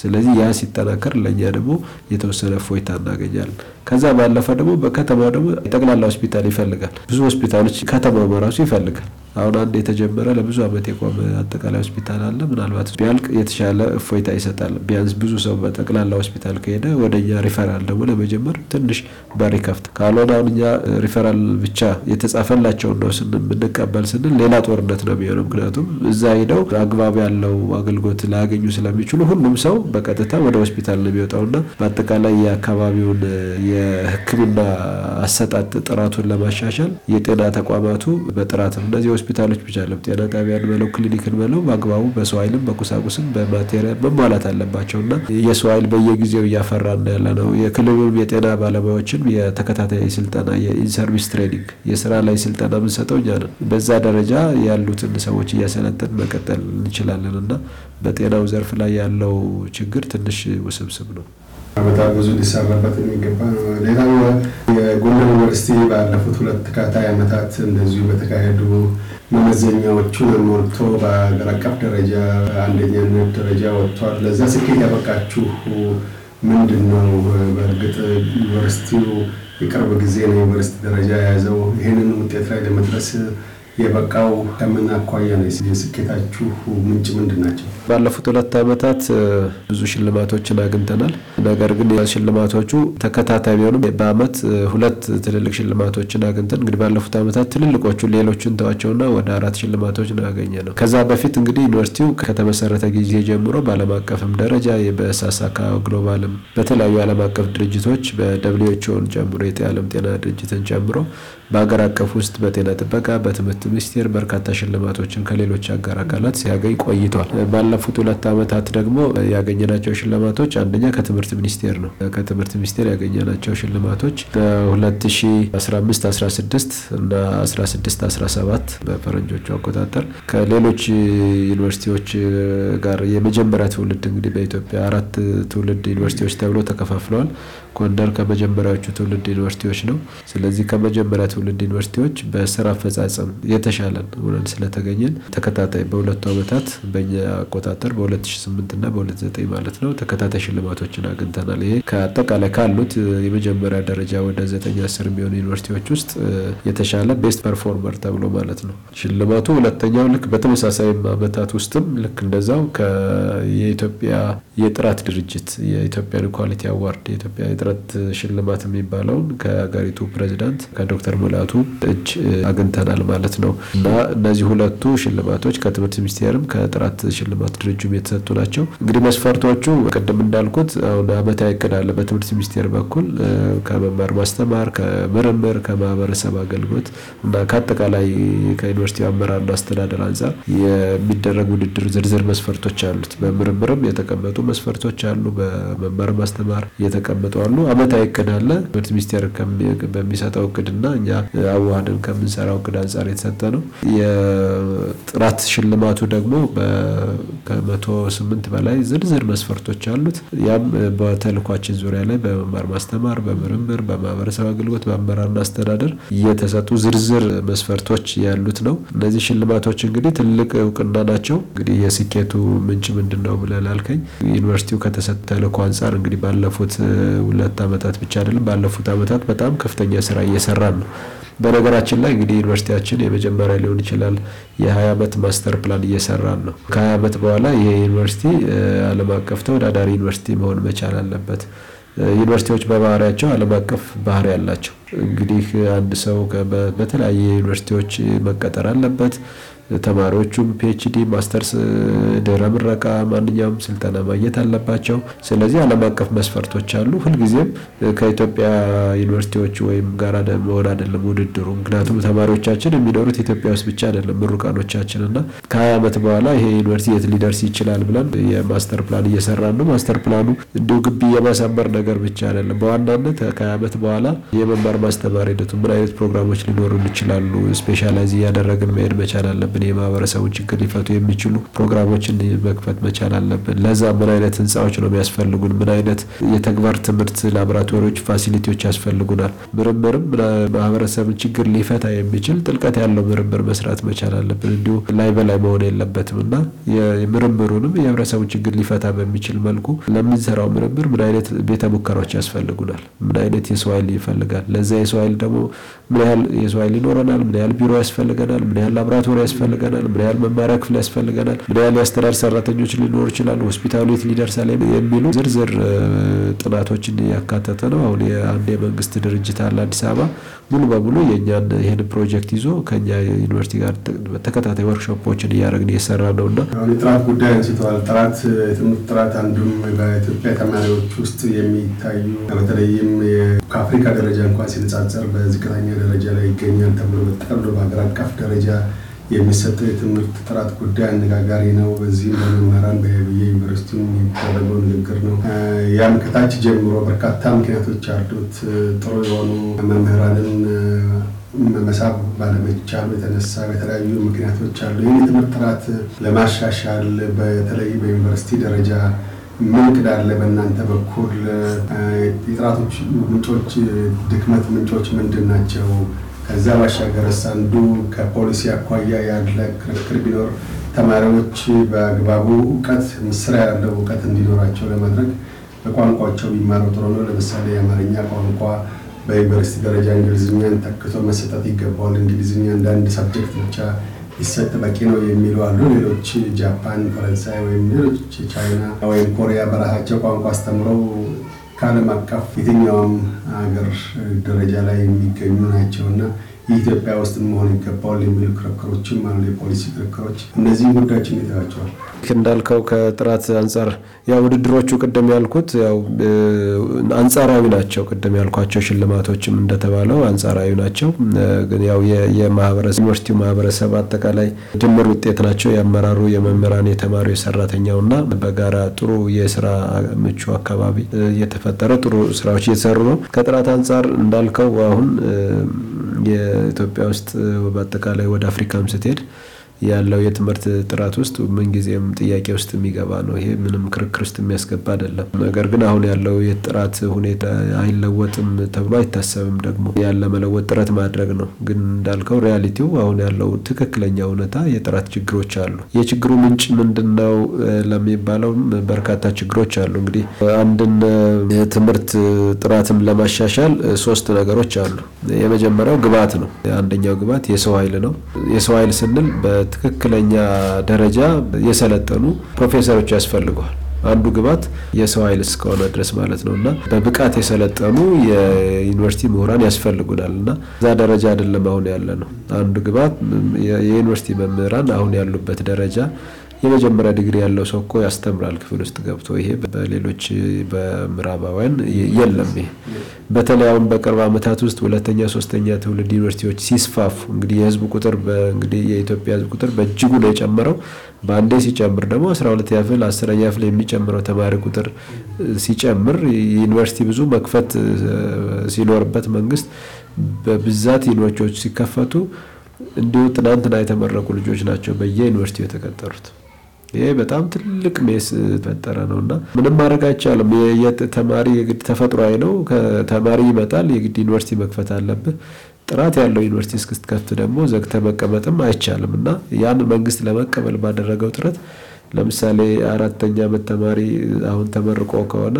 ስለዚህ ያ ሲጠናከር ለእኛ ደግሞ የተወሰነ እፎይታ እናገኛለን። ከዛ ባለፈ ደግሞ በከተማ ደግሞ ጠቅላላ ሆስፒታል ይፈልጋል። ብዙ ሆስፒታሎች ከተማ በራሱ ይፈልጋል። አሁን አንድ የተጀመረ ለብዙ ዓመት የቆመ አጠቃላይ ሆስፒታል አለ። ምናልባት ቢያልቅ የተሻለ እፎይታ ይሰጣል። ቢያንስ ብዙ ሰው በጠቅላላ ሆስፒታል ከሄደ ወደ እኛ ሪፈራል ደግሞ ለመጀመር ትንሽ በር ይከፍት። ካልሆነ አሁን እኛ ሪፈራል ብቻ የተጻፈላቸውን ነው ስን የምንቀበል ስንል ሌላ ጦርነት ነው የሚሆነው። ምክንያቱም እዛ ሄደው አግባብ ያለው አገልግሎት ላያገኙ ስለሚችሉ ሁሉም ሰው ነው በቀጥታ ወደ ሆስፒታል ነው የሚወጣው የሚወጣውና በአጠቃላይ የአካባቢውን የሕክምና አሰጣጥ ጥራቱን ለማሻሻል የጤና ተቋማቱ በጥራትም እነዚህ ሆስፒታሎች ብቻ ለም ጤና ጣቢያን በለው ክሊኒክን በለው በአግባቡ በሰው ኃይልም በቁሳቁስም በማቴሪያል መሟላት አለባቸውና የሰው ኃይል በየጊዜው እያፈራን ያለ ነው። የክልሉም የጤና ባለሙያዎችን የተከታታይ ስልጠና የኢንሰርቪስ ትሬኒንግ የስራ ላይ ስልጠና የምንሰጠው እኛ ነን። በዛ ደረጃ ያሉትን ሰዎች እያሰለጠን መቀጠል እንችላለን እና በጤናው ዘርፍ ላይ ያለው ችግር ትንሽ ውስብስብ ነው። በጣም ብዙ ሊሰራበት የሚገባ ነው። ሌላው የጎንደር ዩኒቨርሲቲ ባለፉት ሁለት ተካታይ ዓመታት እንደዚሁ በተካሄዱ መመዘኛዎቹን ሞልቶ በሀገር አቀፍ ደረጃ አንደኛነት ደረጃ ወጥቷል። ለዛ ስኬት ያበቃችሁ ምንድን ነው? በእርግጥ ዩኒቨርሲቲው የቅርብ ጊዜ ነው ዩኒቨርሲቲ ደረጃ የያዘው። ይህንን ውጤት ላይ ለመድረስ የበቃው ከምን አኳያ ነው? የስኬታችሁ ምንጭ ምንድን ናቸው? ባለፉት ሁለት ዓመታት ብዙ ሽልማቶችን አግኝተናል። ነገር ግን ሽልማቶቹ ተከታታይ ቢሆንም በዓመት ሁለት ትልልቅ ሽልማቶችን አግኝተን እንግዲህ ባለፉት ዓመታት ትልልቆቹ ሌሎችን ተዋቸውና ወደ አራት ሽልማቶች ነው ያገኘ ነው። ከዛ በፊት እንግዲህ ዩኒቨርሲቲው ከተመሰረተ ጊዜ ጀምሮ በዓለም አቀፍም ደረጃ በሳሳካ ግሎባልም በተለያዩ ዓለም አቀፍ ድርጅቶች በደብሊውኤችኦን ጨምሮ የዓለም ጤና ድርጅትን ጨምሮ በአገር አቀፍ ውስጥ በጤና ጥበቃ፣ በትምህርት ሚኒስቴር በርካታ ሽልማቶችን ከሌሎች አጋር አካላት ሲያገኝ ቆይቷል። ባለፉት ሁለት ዓመታት ደግሞ ያገኘናቸው ሽልማቶች አንደኛ ከትምህርት ሚኒስቴር ነው። ከትምህርት ሚኒስቴር ያገኘናቸው ሽልማቶች በ2015 16 እና 16 17 በፈረንጆቹ አቆጣጠር ከሌሎች ዩኒቨርሲቲዎች ጋር የመጀመሪያ ትውልድ እንግዲህ በኢትዮጵያ አራት ትውልድ ዩኒቨርሲቲዎች ተብሎ ተከፋፍለዋል። ጎንደር ከመጀመሪያዎቹ ትውልድ ዩኒቨርሲቲዎች ነው። ስለዚህ ከመጀመሪያ ትውልድ ዩኒቨርሲቲዎች በስራ አፈጻጸም የተሻለን ሆነን ስለተገኘን ተከታታይ በሁለቱ ዓመታት በኛ አቆጣጠር በ2008 እና በ2009 ማለት ነው ተከታታይ ሽልማቶችን አግኝተናል። ይሄ ከአጠቃላይ ካሉት የመጀመሪያ ደረጃ ወደ 9 10 የሚሆኑ ዩኒቨርሲቲዎች ውስጥ የተሻለ ቤስት ፐርፎርመር ተብሎ ማለት ነው ሽልማቱ። ሁለተኛው ልክ በተመሳሳይ ዓመታት ውስጥም ልክ እንደዛው የኢትዮጵያ የጥራት ድርጅት የኢትዮጵያን ኳሊቲ አዋርድ የጥረት ሽልማት የሚባለውን ከሀገሪቱ ፕሬዚዳንት ከዶክተር ሙላቱ እጅ አግኝተናል ማለት ነው እና እነዚህ ሁለቱ ሽልማቶች ከትምህርት ሚኒስቴርም ከጥራት ሽልማት ድርጅም የተሰጡ ናቸው። እንግዲህ መስፈርቶቹ ቅድም እንዳልኩት አሁን አመታዊ እቅድ አለ በትምህርት ሚኒስቴር በኩል ከመማር ማስተማር፣ ከምርምር፣ ከማህበረሰብ አገልግሎት እና ከአጠቃላይ ከዩኒቨርሲቲ አመራርና አስተዳደር አንጻር የሚደረግ ውድድር ዝርዝር መስፈርቶች አሉት። በምርምርም የተቀመጡ መስፈርቶች አሉ። በመማር ማስተማር የተቀመጡ ይሰራሉ። አመታዊ እቅድ አለ። ትምህርት ሚኒስቴር በሚሰጠው እቅድና እኛ አዋህደን ከምንሰራው እቅድ አንጻር የተሰጠ ነው። የጥራት ሽልማቱ ደግሞ ከመቶ ስምንት በላይ ዝርዝር መስፈርቶች አሉት። ያም በተልኳችን ዙሪያ ላይ በመማር ማስተማር፣ በምርምር፣ በማህበረሰብ አገልግሎት፣ በአመራርና አስተዳደር እየተሰጡ ዝርዝር መስፈርቶች ያሉት ነው። እነዚህ ሽልማቶች እንግዲህ ትልቅ እውቅና ናቸው። እንግዲህ የስኬቱ ምንጭ ምንድን ነው ብለህ ላልከኝ ዩኒቨርሲቲው ከተሰጠ ተልኮ አንጻር እንግዲህ ባለፉት ሁለት ዓመታት ብቻ አይደለም ባለፉት ዓመታት በጣም ከፍተኛ ስራ እየሰራን ነው። በነገራችን ላይ እንግዲህ ዩኒቨርሲቲያችን የመጀመሪያ ሊሆን ይችላል የሀያ ዓመት ማስተር ፕላን እየሰራን ነው። ከሀያ ዓመት በኋላ ይሄ ዩኒቨርሲቲ ዓለም አቀፍ ተወዳዳሪ ዩኒቨርሲቲ መሆን መቻል አለበት። ዩኒቨርሲቲዎች በባህሪያቸው ዓለም አቀፍ ባህሪ ያላቸው እንግዲህ አንድ ሰው በተለያየ ዩኒቨርሲቲዎች መቀጠር አለበት። ተማሪዎቹ ፒኤችዲ፣ ማስተርስ፣ ድህረ ምረቃ ማንኛውም ስልጠና ማግኘት አለባቸው። ስለዚህ ዓለም አቀፍ መስፈርቶች አሉ። ሁልጊዜም ከኢትዮጵያ ዩኒቨርሲቲዎች ወይም ጋር መሆን አይደለም ውድድሩ። ምክንያቱም ተማሪዎቻችን የሚኖሩት ኢትዮጵያ ውስጥ ብቻ አይደለም ምሩቃኖቻችን እና ከሀያ ዓመት በኋላ ይሄ ዩኒቨርሲቲ የት ሊደርስ ይችላል ብለን የማስተር ፕላን እየሰራን ነው። ማስተር ፕላኑ እንዲሁ ግቢ የማሳመር ነገር ብቻ አይደለም። በዋናነት ከሀያ ዓመት በኋላ የመማር ማስተማር ሂደቱ ምን አይነት ፕሮግራሞች ሊኖሩ ይችላሉ፣ ስፔሻላይዝ እያደረግን መሄድ መቻል አለብን። ያለብን፣ የማህበረሰቡን ችግር ሊፈቱ የሚችሉ ፕሮግራሞችን መክፈት መቻል አለብን። ለዛ ምን አይነት ህንፃዎች ነው የሚያስፈልጉን? ምን አይነት የተግባር ትምህርት ላቦራቶሪዎች፣ ፋሲሊቲዎች ያስፈልጉናል? ምርምርም ማህበረሰብን ችግር ሊፈታ የሚችል ጥልቀት ያለው ምርምር መስራት መቻል አለብን። እንዲሁ ላይ በላይ መሆን የለበትም እና ምርምሩንም የህብረተሰቡን ችግር ሊፈታ በሚችል መልኩ ለምንሰራው ምርምር ምን አይነት ቤተ ሙከራዎች ያስፈልጉናል? ምን አይነት የሰው ኃይል ይፈልጋል? ለዛ የሰው ኃይል ደግሞ ምን ያህል የሰው ኃይል ይኖረናል? ምን ያህል ቢሮ ያስፈልገናል? ምን ያህል ላቦራቶሪ ያስፈልገናል? ያስፈልገናል፣ ምን ያህል መማሪያ ክፍል ያስፈልገናል፣ ምን ያህል የአስተዳደር ሰራተኞች ሊኖር ይችላል፣ ሆስፒታሉ የት ይደርሳል የሚሉ ዝርዝር ጥናቶችን ያካተተ ነው። አሁን አንድ የመንግስት ድርጅት አለ አዲስ አበባ ሙሉ በሙሉ የእኛን ይህን ፕሮጀክት ይዞ ከኛ ዩኒቨርሲቲ ጋር ተከታታይ ወርክሾፖችን እያደረግን እየሰራ ነው እና አሁን የጥራት ጉዳይ አንስተዋል። ጥራት የትምህርት ጥራት አንዱም በኢትዮጵያ ተማሪዎች ውስጥ የሚታዩ በተለይም ከአፍሪካ ደረጃ እንኳን ሲነጻጸር በዝቅተኛ ደረጃ ላይ ይገኛል ተብሎ በጠቅሎ በሀገር አቀፍ ደረጃ የሚሰጠው የትምህርት ጥራት ጉዳይ አነጋጋሪ ነው። በዚህም በመምህራን በሀይብዬ ዩኒቨርሲቲ የሚደረገው ንግግር ነው። ያም ከታች ጀምሮ በርካታ ምክንያቶች አሉት። ጥሩ የሆኑ መምህራንን መመሳብ ባለመቻሉ የተነሳ በተለያዩ ምክንያቶች አሉ። ይህን የትምህርት ጥራት ለማሻሻል በተለይ በዩኒቨርሲቲ ደረጃ ምን ቅዳለ አለ? በእናንተ በኩል የጥራቶች ምንጮች ድክመት ምንጮች ምንድን ናቸው? ከዛ ባሻገርስ አንዱ ከፖሊሲ አኳያ ያለ ክርክር ቢኖር ተማሪዎች በአግባቡ እውቀት ምስራ ያለው እውቀት እንዲኖራቸው ለማድረግ በቋንቋቸው ቢማሩ ጥሩ ነው። ለምሳሌ የአማርኛ ቋንቋ በዩኒቨርሲቲ ደረጃ እንግሊዝኛን ተክቶ መሰጠት ይገባዋል። እንግሊዝኛ እንደ አንድ ሳብጀክት ብቻ ይሰጥ በቂ ነው የሚሉ አሉ። ሌሎች ጃፓን፣ ፈረንሳይ ወይም ሌሎች ቻይና ወይም ኮሪያ በራሳቸው ቋንቋ አስተምረው ከዓለም አቀፍ የትኛውም ሀገር ደረጃ ላይ የሚገኙ ናቸው።እና የኢትዮጵያ ውስጥ መሆን ይገባዋል የሚሉ ክርክሮችም አሉ፣ የፖሊሲ ክርክሮች። እነዚህ ጉዳዮችን እንዴት እንዳልከው ከጥራት አንጻር ያው ውድድሮቹ ቅድም ያልኩት ያው አንጻራዊ ናቸው። ቅድም ያልኳቸው ሽልማቶችም እንደተባለው አንጻራዊ ናቸው። ግን ያው የማህበረሰብ ዩኒቨርሲቲው ማህበረሰብ አጠቃላይ ድምር ውጤት ናቸው። የአመራሩ፣ የመምህራን፣ የተማሪው፣ የሰራተኛውና በጋራ ጥሩ የስራ ምቹ አካባቢ እየተፈጠረ ጥሩ ስራዎች እየተሰሩ ነው። ከጥራት አንጻር እንዳልከው አሁን የኢትዮጵያ ውስጥ በአጠቃላይ ወደ አፍሪካም ስትሄድ ያለው የትምህርት ጥራት ውስጥ ምንጊዜም ጥያቄ ውስጥ የሚገባ ነው። ይሄ ምንም ክርክር ውስጥ የሚያስገባ አይደለም። ነገር ግን አሁን ያለው የጥራት ሁኔታ አይለወጥም ተብሎ አይታሰብም። ደግሞ ያን ለመለወጥ ጥረት ማድረግ ነው። ግን እንዳልከው ሪያሊቲው አሁን ያለው ትክክለኛ እውነታ የጥራት ችግሮች አሉ። የችግሩ ምንጭ ምንድን ነው ለሚባለው በርካታ ችግሮች አሉ። እንግዲህ አንድን የትምህርት ጥራትም ለማሻሻል ሶስት ነገሮች አሉ። የመጀመሪያው ግብዓት ነው። አንደኛው ግብዓት የሰው ኃይል ነው። የሰው ኃይል ስንል ትክክለኛ ደረጃ የሰለጠኑ ፕሮፌሰሮች ያስፈልገዋል። አንዱ ግባት የሰው ኃይል እስከሆነ ድረስ ማለት ነው እና በብቃት የሰለጠኑ የዩኒቨርሲቲ ምሁራን ያስፈልጉናል እና እዛ ደረጃ አይደለም አሁን ያለ ነው። አንዱ ግባት የዩኒቨርሲቲ መምህራን አሁን ያሉበት ደረጃ የመጀመሪያ ዲግሪ ያለው ሰው እኮ ያስተምራል ክፍል ውስጥ ገብቶ። ይሄ በሌሎች በምዕራባውያን የለም። ይሄ በተለይ አሁን በቅርብ ዓመታት ውስጥ ሁለተኛ ሶስተኛ ትውልድ ዩኒቨርሲቲዎች ሲስፋፉ እንግዲህ የህዝብ ቁጥር እንግዲህ የኢትዮጵያ ህዝብ ቁጥር በእጅጉ ነው የጨመረው። በአንዴ ሲጨምር ደግሞ አስራ ሁለተኛ ክፍል አስረኛ ክፍል የሚጨምረው ተማሪ ቁጥር ሲጨምር ዩኒቨርሲቲ ብዙ መክፈት ሲኖርበት መንግስት በብዛት ዩኒቨርሲቲዎች ሲከፈቱ እንዲሁ ትናንትና የተመረቁ ልጆች ናቸው በየዩኒቨርሲቲው የተቀጠሩት። ይሄ በጣም ትልቅ ሜስ ፈጠረ ነው እና ምንም ማድረግ አይቻልም። ተማሪ የግድ ተፈጥሯዊ ነው። ተማሪ ይመጣል፣ የግድ ዩኒቨርሲቲ መክፈት አለብህ። ጥራት ያለው ዩኒቨርሲቲ እስክትከፍት ደግሞ ዘግተ መቀመጥም አይቻልም እና ያን መንግስት ለመቀበል ባደረገው ጥረት ለምሳሌ አራተኛ ዓመት ተማሪ አሁን ተመርቆ ከሆነ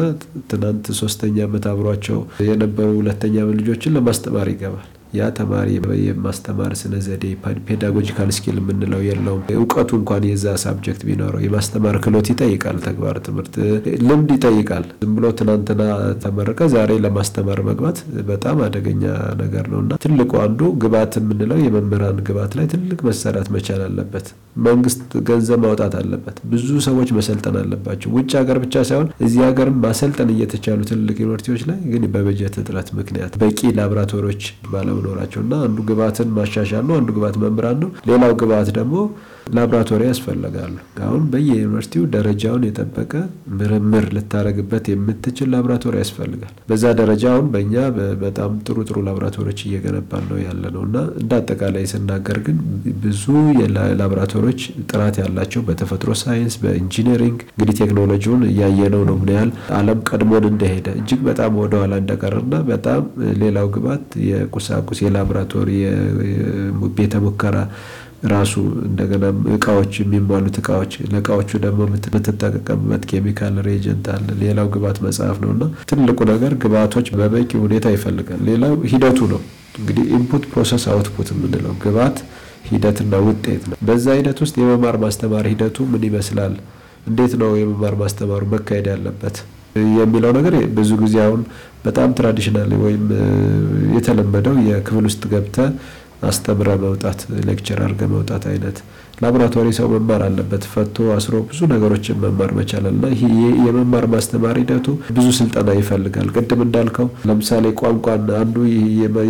ትናንት ሶስተኛ ዓመት አብሯቸው የነበሩ ሁለተኛ ዓመት ልጆችን ለማስተማር ይገባል። ያ ተማሪ የማስተማር ስነ ዘዴ ፔዳጎጂካል ስኪል የምንለው የለውም። እውቀቱ እንኳን የዛ ሳብጀክት ቢኖረው የማስተማር ክህሎት ይጠይቃል። ተግባር ትምህርት ልምድ ይጠይቃል። ዝም ብሎ ትናንትና ተመረቀ ዛሬ ለማስተማር መግባት በጣም አደገኛ ነገር ነው እና ትልቁ አንዱ ግብዓት የምንለው የመምህራን ግብዓት ላይ ትልቅ መሰራት መቻል አለበት። መንግስት ገንዘብ ማውጣት አለበት። ብዙ ሰዎች መሰልጠን አለባቸው። ውጭ ሀገር ብቻ ሳይሆን እዚህ ሀገር ማሰልጠን እየተቻሉ ትልቅ ዩኒቨርሲቲዎች ላይ ግን በበጀት እጥረት ምክንያት በቂ ላብራቶሪዎች ባለ ነው መኖራቸው እና አንዱ ግብአትን ማሻሻል ነው፣ አንዱ ግብአት መምህራን ነው። ሌላው ግብአት ደግሞ ላብራቶሪ ያስፈልጋሉ። አሁን በየዩኒቨርሲቲው ደረጃውን የጠበቀ ምርምር ልታደረግበት የምትችል ላብራቶሪ ያስፈልጋል። በዛ ደረጃ አሁን በእኛ በጣም ጥሩ ጥሩ ላብራቶሪዎች እየገነባን ነው ያለ ነው እና እንደ አጠቃላይ ስናገር ግን ብዙ ላብራቶሪዎች ጥራት ያላቸው በተፈጥሮ ሳይንስ፣ በኢንጂነሪንግ እንግዲህ ቴክኖሎጂውን እያየነው ነው ምን ያህል ዓለም ቀድሞን እንደሄደ እጅግ በጣም ወደኋላ እንደቀረና በጣም ሌላው ግባት የቁሳቁስ የላብራቶሪ ቤተ ሙከራ ራሱ እንደገና እቃዎች የሚሟሉት እቃዎች ለእቃዎቹ ደግሞ የምትጠቀምበት ኬሚካል ሬጀንት አለ። ሌላው ግባት መጽሐፍ ነው እና ትልቁ ነገር ግብአቶች በበቂ ሁኔታ ይፈልጋል። ሌላው ሂደቱ ነው እንግዲህ ኢንፑት ፕሮሰስ አውትፑት የምንለው ግባት ሂደትና ውጤት ነው። በዛ ሂደት ውስጥ የመማር ማስተማር ሂደቱ ምን ይመስላል፣ እንዴት ነው የመማር ማስተማሩ መካሄድ ያለበት የሚለው ነገር ብዙ ጊዜ አሁን በጣም ትራዲሽናል ወይም የተለመደው የክፍል ውስጥ ገብተ አስተምረ መውጣት አርገ መውጣት አይነት ላቦራቶሪ ሰው መማር አለበት። ፈቶ አስሮ ብዙ ነገሮችን መማር መቻል አለ። ይህ የመማር ማስተማር ሂደቱ ብዙ ስልጠና ይፈልጋል። ቅድም እንዳልከው ለምሳሌ ቋንቋን አንዱ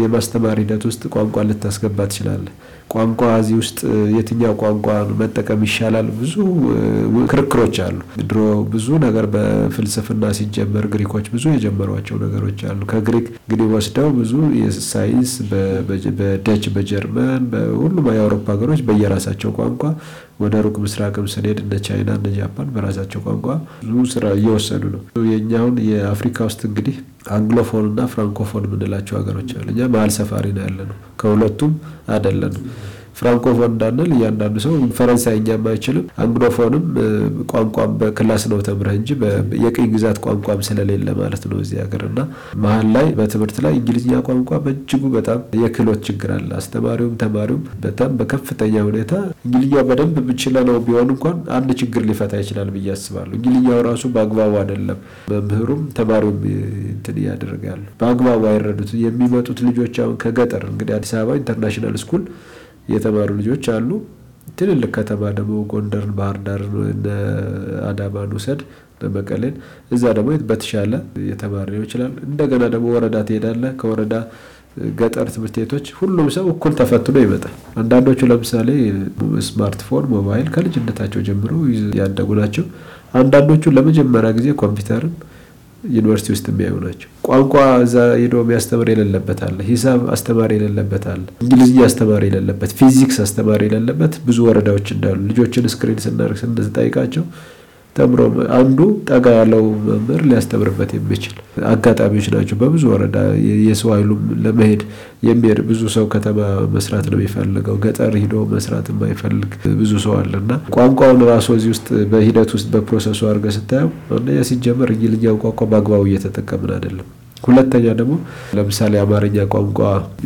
የማስተማር ሂደት ውስጥ ቋንቋ ልታስገባ ትችላለህ። ቋንቋ እዚህ ውስጥ የትኛው ቋንቋ መጠቀም ይሻላል ብዙ ክርክሮች አሉ። ድሮ ብዙ ነገር በፍልስፍና ሲጀመር ግሪኮች ብዙ የጀመሯቸው ነገሮች አሉ። ከግሪክ እንግዲህ ወስደው ብዙ የሳይንስ በደች፣ በጀርመን፣ በሁሉም የአውሮፓ ሀገሮች በየራሳቸው ቋንቋ ወደ ሩቅ ምስራቅም ስንሄድ እንደ ቻይና እንደ ጃፓን በራሳቸው ቋንቋ ብዙ ስራ እየወሰዱ ነው። የእኛውን የአፍሪካ ውስጥ እንግዲህ አንግሎፎን እና ፍራንኮፎን የምንላቸው ሀገሮች አሉ። እኛ መሀል ሰፋሪ ነው ያለ ነው። ከሁለቱም አይደለንም። ፍራንኮፎን እንዳንል እያንዳንዱ ሰው ፈረንሳይኛም አይችልም አንግሎፎንም ቋንቋም በክላስ ነው ተምረህ እንጂ የቅኝ ግዛት ቋንቋም ስለሌለ ማለት ነው እዚህ ሀገር እና መሀል ላይ በትምህርት ላይ እንግሊዝኛ ቋንቋ በእጅጉ በጣም የክህሎት ችግር አለ። አስተማሪውም ተማሪውም በጣም በከፍተኛ ሁኔታ እንግሊኛ በደንብ ነው ቢሆን እንኳን አንድ ችግር ሊፈታ ይችላል ብዬ አስባለሁ። እንግሊኛው ራሱ በአግባቡ አይደለም። መምህሩም ተማሪውም እንትን ያደርጋሉ በአግባቡ አይረዱት የሚመጡት ልጆች አሁን ከገጠር እንግዲህ አዲስ አበባ ኢንተርናሽናል ስኩል የተማሩ ልጆች አሉ። ትልልቅ ከተማ ደግሞ ጎንደርን፣ ባህር ዳርን፣ አዳማን ውሰድ መቀሌን። እዛ ደግሞ በተሻለ የተማረ ሊሆን ይችላል። እንደገና ደግሞ ወረዳ ትሄዳለህ። ከወረዳ ገጠር ትምህርት ቤቶች ሁሉም ሰው እኩል ተፈትኖ ይመጣል። አንዳንዶቹ ለምሳሌ ስማርትፎን ሞባይል ከልጅነታቸው ጀምሮ ያደጉ ናቸው። አንዳንዶቹ ለመጀመሪያ ጊዜ ኮምፒውተርን ዩኒቨርሲቲ ውስጥ የሚያዩ ናቸው። ቋንቋ እዛ ሄዶ የሚያስተምር የሌለበት አለ። ሂሳብ አስተማሪ የሌለበት አለ። እንግሊዝኛ አስተማሪ የሌለበት፣ ፊዚክስ አስተማሪ የሌለበት ብዙ ወረዳዎች እንዳሉ ልጆችን ስክሪን ስናደርግ ስንጠይቃቸው ተምሮ አንዱ ጠጋ ያለው መምህር ሊያስተምርበት የሚችል አጋጣሚዎች ናቸው። በብዙ ወረዳ የሰው ኃይሉም ለመሄድ የሚሄድ ብዙ ሰው ከተማ መስራት ነው የሚፈልገው፣ ገጠር ሂዶ መስራት የማይፈልግ ብዙ ሰው አለና ቋንቋውን ራሱ እዚህ ውስጥ በሂደት ውስጥ በፕሮሰሱ አድርገህ ስታየው አንደኛ ሲጀመር እንግሊዝኛውን ቋንቋ በአግባቡ እየተጠቀምን አይደለም። ሁለተኛ ደግሞ ለምሳሌ አማርኛ ቋንቋ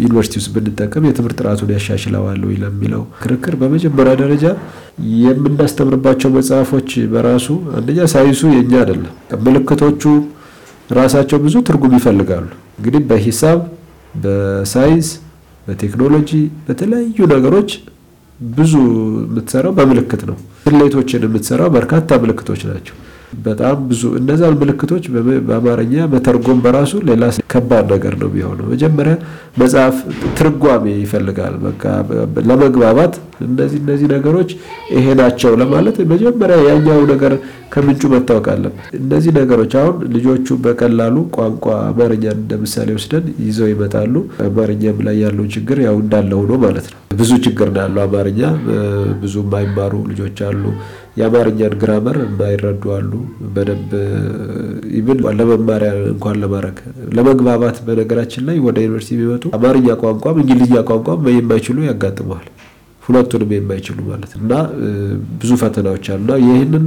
ዩኒቨርሲቲ ውስጥ ብንጠቀም የትምህርት ጥራቱን ያሻሽለዋል ወይ ለሚለው ክርክር በመጀመሪያ ደረጃ የምናስተምርባቸው መጽሐፎች በራሱ አንደኛ ሳይንሱ የኛ አይደለም። ምልክቶቹ ራሳቸው ብዙ ትርጉም ይፈልጋሉ። እንግዲህ በሂሳብ፣ በሳይንስ፣ በቴክኖሎጂ በተለያዩ ነገሮች ብዙ የምትሰራው በምልክት ነው። ስሌቶችን የምትሰራው በርካታ ምልክቶች ናቸው። በጣም ብዙ እነዛን ምልክቶች በአማርኛ መተርጎም በራሱ ሌላ ከባድ ነገር ነው የሚሆነው። መጀመሪያ መጽሐፍ ትርጓሜ ይፈልጋል። በቃ ለመግባባት እነዚህ እነዚህ ነገሮች ይሄ ናቸው ለማለት መጀመሪያ ያኛው ነገር ከምንጩ መታወቅ አለበት። እነዚህ ነገሮች አሁን ልጆቹ በቀላሉ ቋንቋ አማርኛ እንደምሳሌ ወስደን ይዘው ይመጣሉ። አማርኛም ላይ ያለው ችግር ያው እንዳለ ሆኖ ማለት ነው። ብዙ ችግር ነው ያለው አማርኛ ብዙ የማይማሩ ልጆች አሉ። የአማርኛን ግራመር የማይረዱ አሉ። በደንብ ለመማሪያ እንኳን ለማድረግ ለመግባባት፣ በነገራችን ላይ ወደ ዩኒቨርሲቲ የሚመጡ አማርኛ ቋንቋም እንግሊዝኛ ቋንቋም የማይችሉ ያጋጥመዋል። ሁለቱንም የማይችሉ ማለት እና ብዙ ፈተናዎች አሉ። እና ይህንን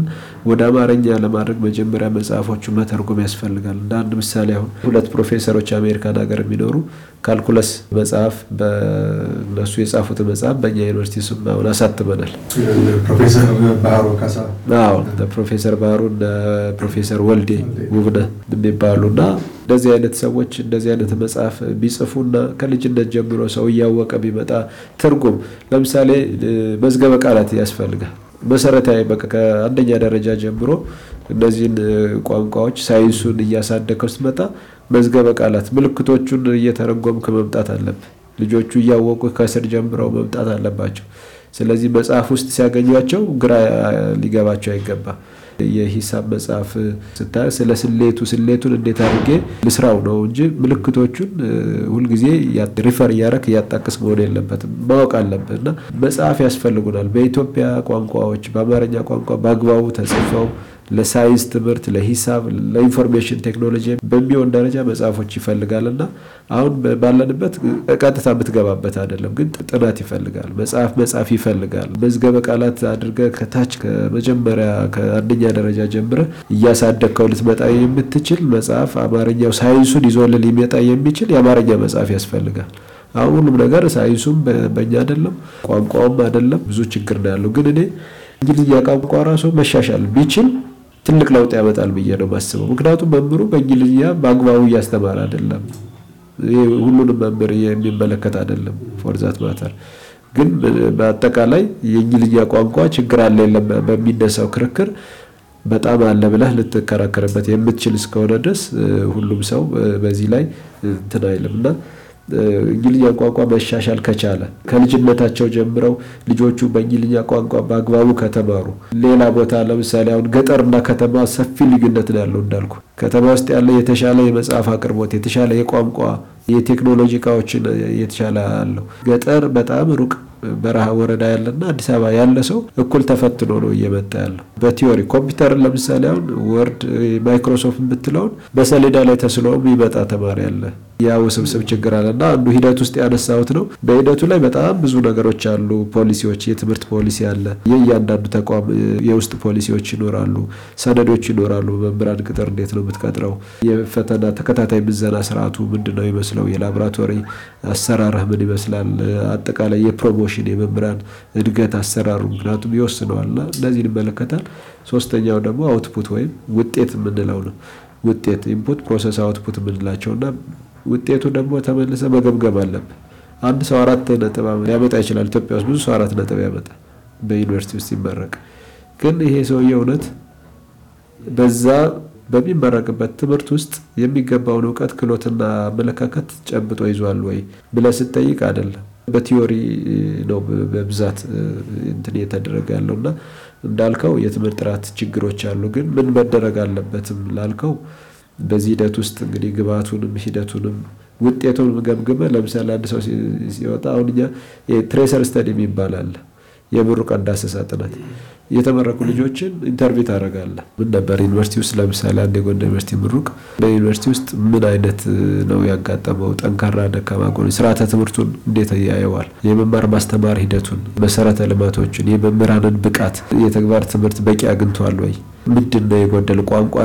ወደ አማርኛ ለማድረግ መጀመሪያ መጽሐፎቹ መተርጎም ያስፈልጋል። እንደ አንድ ምሳሌ አሁን ሁለት ፕሮፌሰሮች አሜሪካን ሀገር የሚኖሩ ካልኩለስ መጽሐፍ በእነሱ የጻፉት መጽሐፍ በእኛ ዩኒቨርሲቲ ስም አሁን አሳትመናል። ፕሮፌሰር ባህሩ ፕሮፌሰር ፕሮፌሰር ወልዴ ውብነ የሚባሉ እና እንደዚህ አይነት ሰዎች እንደዚህ አይነት መጽሐፍ ቢጽፉና ከልጅነት ጀምሮ ሰው እያወቀ ቢመጣ ትርጉም ለምሳሌ መዝገበ ቃላት ያስፈልጋል። መሰረታዊ በቃ ከአንደኛ ደረጃ ጀምሮ እነዚህን ቋንቋዎች ሳይንሱን እያሳደከው ስትመጣ መዝገበ ቃላት ምልክቶቹን እየተረጎምክ መምጣት አለብህ። ልጆቹ እያወቁ ከስር ጀምረው መምጣት አለባቸው። ስለዚህ መጽሐፍ ውስጥ ሲያገኟቸው ግራ ሊገባቸው አይገባ። የሂሳብ መጽሐፍ ስታይ ስለ ስሌቱ ስሌቱን እንዴት አድርጌ ልስራው ነው እንጂ ምልክቶቹን ሁልጊዜ ሪፈር እያረክ እያጣቅስ መሆን የለበትም ማወቅ አለብህ። እና መጽሐፍ ያስፈልጉናል። በኢትዮጵያ ቋንቋዎች በአማርኛ ቋንቋ በአግባቡ ተጽፈው ለሳይንስ ትምህርት፣ ለሂሳብ፣ ለኢንፎርሜሽን ቴክኖሎጂ በሚሆን ደረጃ መጽሐፎች ይፈልጋልና አሁን ባለንበት ቀጥታ የምትገባበት አይደለም፣ ግን ጥናት ይፈልጋል። መጽሐፍ መጽሐፍ ይፈልጋል። መዝገበ ቃላት አድርገ ከታች ከመጀመሪያ ከአንደኛ ደረጃ ጀምረህ እያሳደግከው ልትመጣ የምትችል መጽሐፍ አማርኛው ሳይንሱን ይዞልን ሊመጣ የሚችል የአማርኛ መጽሐፍ ያስፈልጋል። አሁን ሁሉም ነገር ሳይንሱም በእኛ አይደለም፣ ቋንቋውም አይደለም። ብዙ ችግር ነው ያለው። ግን እኔ እንግሊዝኛ ቋንቋ ራሱ መሻሻል ቢችል ትልቅ ለውጥ ያመጣል ብዬ ነው የማስበው። ምክንያቱም መምህሩ በእንግሊዝኛ በአግባቡ እያስተማረ አይደለም። ሁሉንም መምህር የሚመለከት አይደለም። ፎርዛት ማተር ግን በአጠቃላይ የእንግሊዝኛ ቋንቋ ችግር አለ የለም በሚነሳው ክርክር በጣም አለ ብለህ ልትከራከርበት የምትችል እስከሆነ ድረስ ሁሉም ሰው በዚህ ላይ እንትን አይልም እና እንግሊኛ ቋንቋ መሻሻል ከቻለ ከልጅነታቸው ጀምረው ልጆቹ በእንግሊኛ ቋንቋ በአግባቡ ከተማሩ ሌላ ቦታ ለምሳሌ አሁን ገጠርና ከተማ ሰፊ ልዩነት ነው ያለው እንዳልኩ ከተማ ውስጥ ያለ የተሻለ የመጽሐፍ አቅርቦት፣ የተሻለ የቋንቋ የቴክኖሎጂ እቃዎችን የተሻለ አለው። ገጠር በጣም ሩቅ በረሃ ወረዳ ያለና አዲስ አበባ ያለ ሰው እኩል ተፈትኖ ነው እየመጣ ያለው። በቲዮሪ ኮምፒውተርን ለምሳሌ አሁን ወርድ፣ ማይክሮሶፍት የምትለውን በሰሌዳ ላይ ተስሎ ይመጣ ተማሪ አለ። ያ ውስብስብ ችግር አለና አንዱ ሂደት ውስጥ ያነሳሁት ነው። በሂደቱ ላይ በጣም ብዙ ነገሮች አሉ። ፖሊሲዎች፣ የትምህርት ፖሊሲ አለ። የእያንዳንዱ ተቋም የውስጥ ፖሊሲዎች ይኖራሉ፣ ሰነዶች ይኖራሉ። መምህራን ቅጥር እንዴት ነው የምትቀጥረው? የፈተና ተከታታይ ምዘና ስርዓቱ ምንድን ነው ይመስለው? የላቦራቶሪ አሰራርህ ምን ይመስላል? አጠቃላይ የፕሮሞሽን የመምህራን እድገት አሰራሩ ምክንያቱም ይወስነዋል እና እነዚህ ይመለከታል። ሶስተኛው ደግሞ አውትፑት ወይም ውጤት የምንለው ነው። ውጤት ኢንፑት፣ ፕሮሰስ፣ አውትፑት የምንላቸውና ውጤቱ ደግሞ ተመልሰ መገምገም አለብ አንድ ሰው አራት ነጥብ ሊያመጣ ይችላል። ኢትዮጵያ ውስጥ ብዙ ሰው አራት ነጥብ ያመጣ በዩኒቨርሲቲ ውስጥ ይመረቅ። ግን ይሄ ሰውየ እውነት በዛ በሚመረቅበት ትምህርት ውስጥ የሚገባውን እውቀት ክህሎትና አመለካከት ጨብጦ ይዟል ወይ ብለ ስጠይቅ አይደለም። በቲዮሪ ነው በብዛት እንትን እየተደረገ ያለው እና እንዳልከው የትምህርት ጥራት ችግሮች አሉ። ግን ምን መደረግ አለበትም ላልከው በዚህ ሂደት ውስጥ እንግዲህ ግብአቱንም ሂደቱንም ውጤቱንም ገምግመ ለምሳሌ አንድ ሰው ሲወጣ አሁን እኛ ትሬሰር ስተዲ የሚባል አለ የምሩቃን ጥናት የተመረቁ ልጆችን ኢንተርቪው ታደርጋለህ። ምን ነበር ዩኒቨርሲቲ ውስጥ ለምሳሌ አንድ የጎንደር ዩኒቨርሲቲ ምሩቅ በዩኒቨርሲቲ ውስጥ ምን አይነት ነው ያጋጠመው ጠንካራ ደካማ ጎን፣ ስርዓተ ትምህርቱን እንዴት ያየዋል፣ የመማር ማስተማር ሂደቱን፣ መሰረተ ልማቶችን፣ የመምህራንን ብቃት፣ የተግባር ትምህርት በቂ አግኝቷል ወይ፣ ምንድን ነው የጎደል፣ ቋንቋ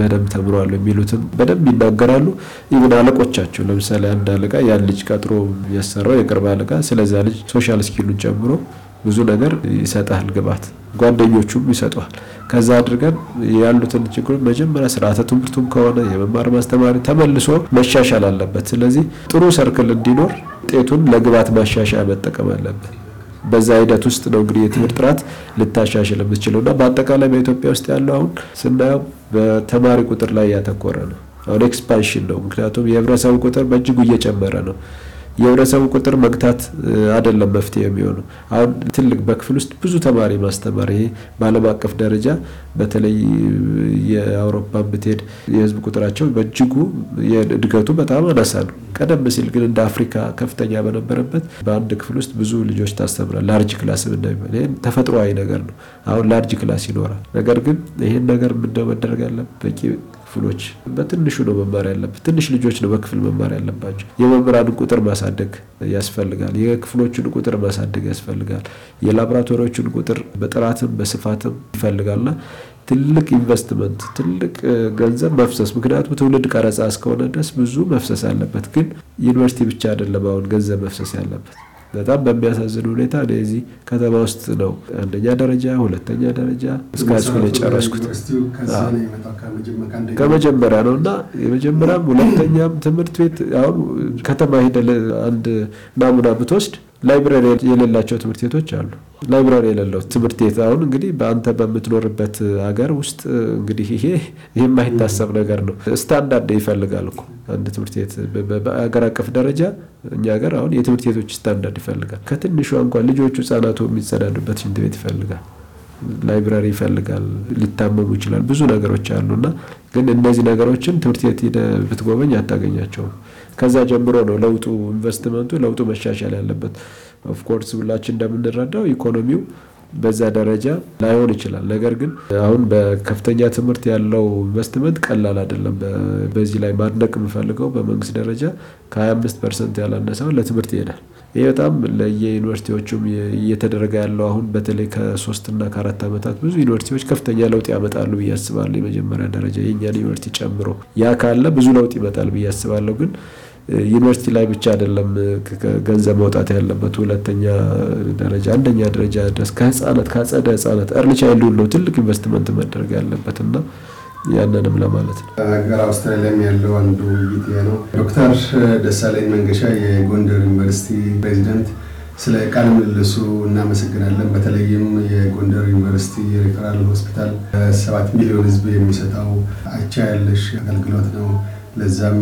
በደንብ ተምሯል የሚሉትም በደንብ ይናገራሉ። ኢቭን አለቆቻቸው ለምሳሌ አንድ አለቃ ያን ልጅ ቀጥሮ ያሰራው የቅርብ አለቃ ስለዚያ ልጅ ሶሻል ስኪሉን ጨምሮ ብዙ ነገር ይሰጣል ግባት ጓደኞቹም ይሰጠዋል። ከዛ አድርገን ያሉትን ችግሮች መጀመሪያ ስርዓተ ትምህርቱም ከሆነ የመማር ማስተማሪ ተመልሶ መሻሻል አለበት። ስለዚህ ጥሩ ሰርክል እንዲኖር ውጤቱን ለግብዓት ማሻሻያ መጠቀም አለበት። በዛ ሂደት ውስጥ ነው እንግዲህ የትምህርት ጥራት ልታሻሽል የምትችለው እና በአጠቃላይ በኢትዮጵያ ውስጥ ያለው አሁን ስናየው በተማሪ ቁጥር ላይ ያተኮረ ነው። አሁን ኤክስፓንሽን ነው። ምክንያቱም የህብረተሰቡ ቁጥር በእጅጉ እየጨመረ ነው። የህብረተሰቡ ቁጥር መግታት አይደለም መፍትሄ የሚሆነው። አሁን ትልቅ በክፍል ውስጥ ብዙ ተማሪ ማስተማር ይሄ በዓለም አቀፍ ደረጃ በተለይ የአውሮፓ ብትሄድ የህዝብ ቁጥራቸው በእጅጉ እድገቱ በጣም አናሳ ነው። ቀደም ሲል ግን እንደ አፍሪካ ከፍተኛ በነበረበት በአንድ ክፍል ውስጥ ብዙ ልጆች ታስተምራል። ላርጅ ክላስ እንደሚባል ይህም ተፈጥሯዊ ነገር ነው። አሁን ላርጅ ክላስ ይኖራል። ነገር ግን ይህን ነገር ምንድነው መደረግ ያለበት በቂ ክፍሎች በትንሹ ነው መማር ያለበት። ትንሽ ልጆች ነው በክፍል መማር ያለባቸው። የመምህራንን ቁጥር ማሳደግ ያስፈልጋል። የክፍሎችን ቁጥር ማሳደግ ያስፈልጋል። የላቦራቶሪዎችን ቁጥር በጥራትም በስፋትም ይፈልጋልና ትልቅ ኢንቨስትመንት ትልቅ ገንዘብ መፍሰስ። ምክንያቱም ትውልድ ቀረጻ እስከሆነ ድረስ ብዙ መፍሰስ አለበት። ግን ዩኒቨርሲቲ ብቻ አይደለም አሁን ገንዘብ መፍሰስ ያለበት። በጣም በሚያሳዝን ሁኔታ እኔ እዚህ ከተማ ውስጥ ነው አንደኛ ደረጃ፣ ሁለተኛ ደረጃ እስከ ሃይስኩል የጨረስኩት ከመጀመሪያ ነው እና የመጀመሪያም ሁለተኛም ትምህርት ቤት አሁን ከተማ ሄደ አንድ ናሙና ብትወስድ ላይብራሪ የሌላቸው ትምህርት ቤቶች አሉ። ላይብራሪ የሌለው ትምህርት ቤት አሁን እንግዲህ በአንተ በምትኖርበት ሀገር ውስጥ እንግዲህ ይሄ የማይታሰብ ነገር ነው። ስታንዳርድ ይፈልጋል እኮ አንድ ትምህርት ቤት በሀገር አቀፍ ደረጃ እኛ ሀገር አሁን የትምህርት ቤቶች ስታንዳርድ ይፈልጋል። ከትንሿ እንኳን ልጆቹ ህጻናቱ የሚጸዳዱበት ሽንት ቤት ይፈልጋል። ላይብራሪ ይፈልጋል። ሊታመሙ ይችላል። ብዙ ነገሮች አሉና ግን እነዚህ ነገሮችን ትምህርት ቤት ብትጎበኝ አታገኛቸውም። ከዛ ጀምሮ ነው ለውጡ ኢንቨስትመንቱ ለውጡ መሻሻል ያለበት። ኦፍኮርስ ሁላችን እንደምንረዳው ኢኮኖሚው በዛ ደረጃ ላይሆን ይችላል። ነገር ግን አሁን በከፍተኛ ትምህርት ያለው ኢንቨስትመንት ቀላል አይደለም። በዚህ ላይ ማድነቅ የምፈልገው በመንግስት ደረጃ ከ25 ፐርሰንት ያላነሳውን ለትምህርት ይሄዳል። ይህ በጣም ለየዩኒቨርሲቲዎቹም እየተደረገ ያለው አሁን በተለይ ከሶስትና ከአራት ዓመታት ብዙ ዩኒቨርሲቲዎች ከፍተኛ ለውጥ ያመጣሉ ብዬ አስባለሁ። የመጀመሪያ ደረጃ የእኛን ዩኒቨርሲቲ ጨምሮ ያ ካለ ብዙ ለውጥ ይመጣል ብዬ አስባለሁ ግን ዩኒቨርሲቲ ላይ ብቻ አይደለም ገንዘብ መውጣት ያለበት። ሁለተኛ ደረጃ፣ አንደኛ ደረጃ ድረስ ከህጻናት ከአጸደ ህጻናት እርልቻ ያሉ ነው ትልቅ ኢንቨስትመንት መደረግ ያለበት እና ያንንም ለማለት ነው። ሀገር አውስትራሊያም ያለው አንዱ ውይይት ነው። ዶክተር ደሳለኝ መንገሻ የጎንደር ዩኒቨርሲቲ ፕሬዚደንት፣ ስለ ቃለ ምልልሱ እናመሰግናለን። በተለይም የጎንደር ዩኒቨርሲቲ ሪፈራል ሆስፒታል ሰባት ሚሊዮን ህዝብ የሚሰጠው አቻ ያለሽ አገልግሎት ነው። ለዛም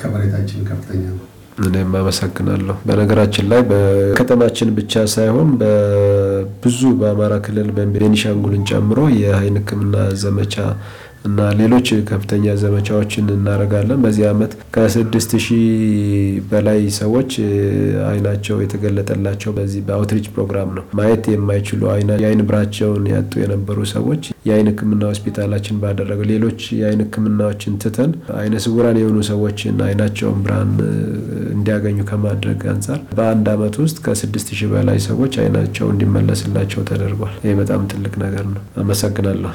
ከበሬታችን ከፍተኛ ነው። እኔም አመሰግናለሁ። በነገራችን ላይ በከተማችን ብቻ ሳይሆን በብዙ በአማራ ክልል ቤኒሻንጉልን ጨምሮ የአይን ሕክምና ዘመቻ እና ሌሎች ከፍተኛ ዘመቻዎችን እናደርጋለን። በዚህ ዓመት ከስድስት ሺህ በላይ ሰዎች አይናቸው የተገለጠላቸው በዚህ በአውትሪች ፕሮግራም ነው። ማየት የማይችሉ የአይን ብራቸውን ያጡ የነበሩ ሰዎች የአይን ሕክምና ሆስፒታላችን ባደረገ ሌሎች የአይን ሕክምናዎችን ትተን አይነ ስውራን የሆኑ ሰዎችን አይናቸውን ብርሃን እንዲያገኙ ከማድረግ አንጻር በአንድ ዓመት ውስጥ ከስድስት ሺህ በላይ ሰዎች አይናቸው እንዲመለስላቸው ተደርጓል። ይህ በጣም ትልቅ ነገር ነው። አመሰግናለሁ።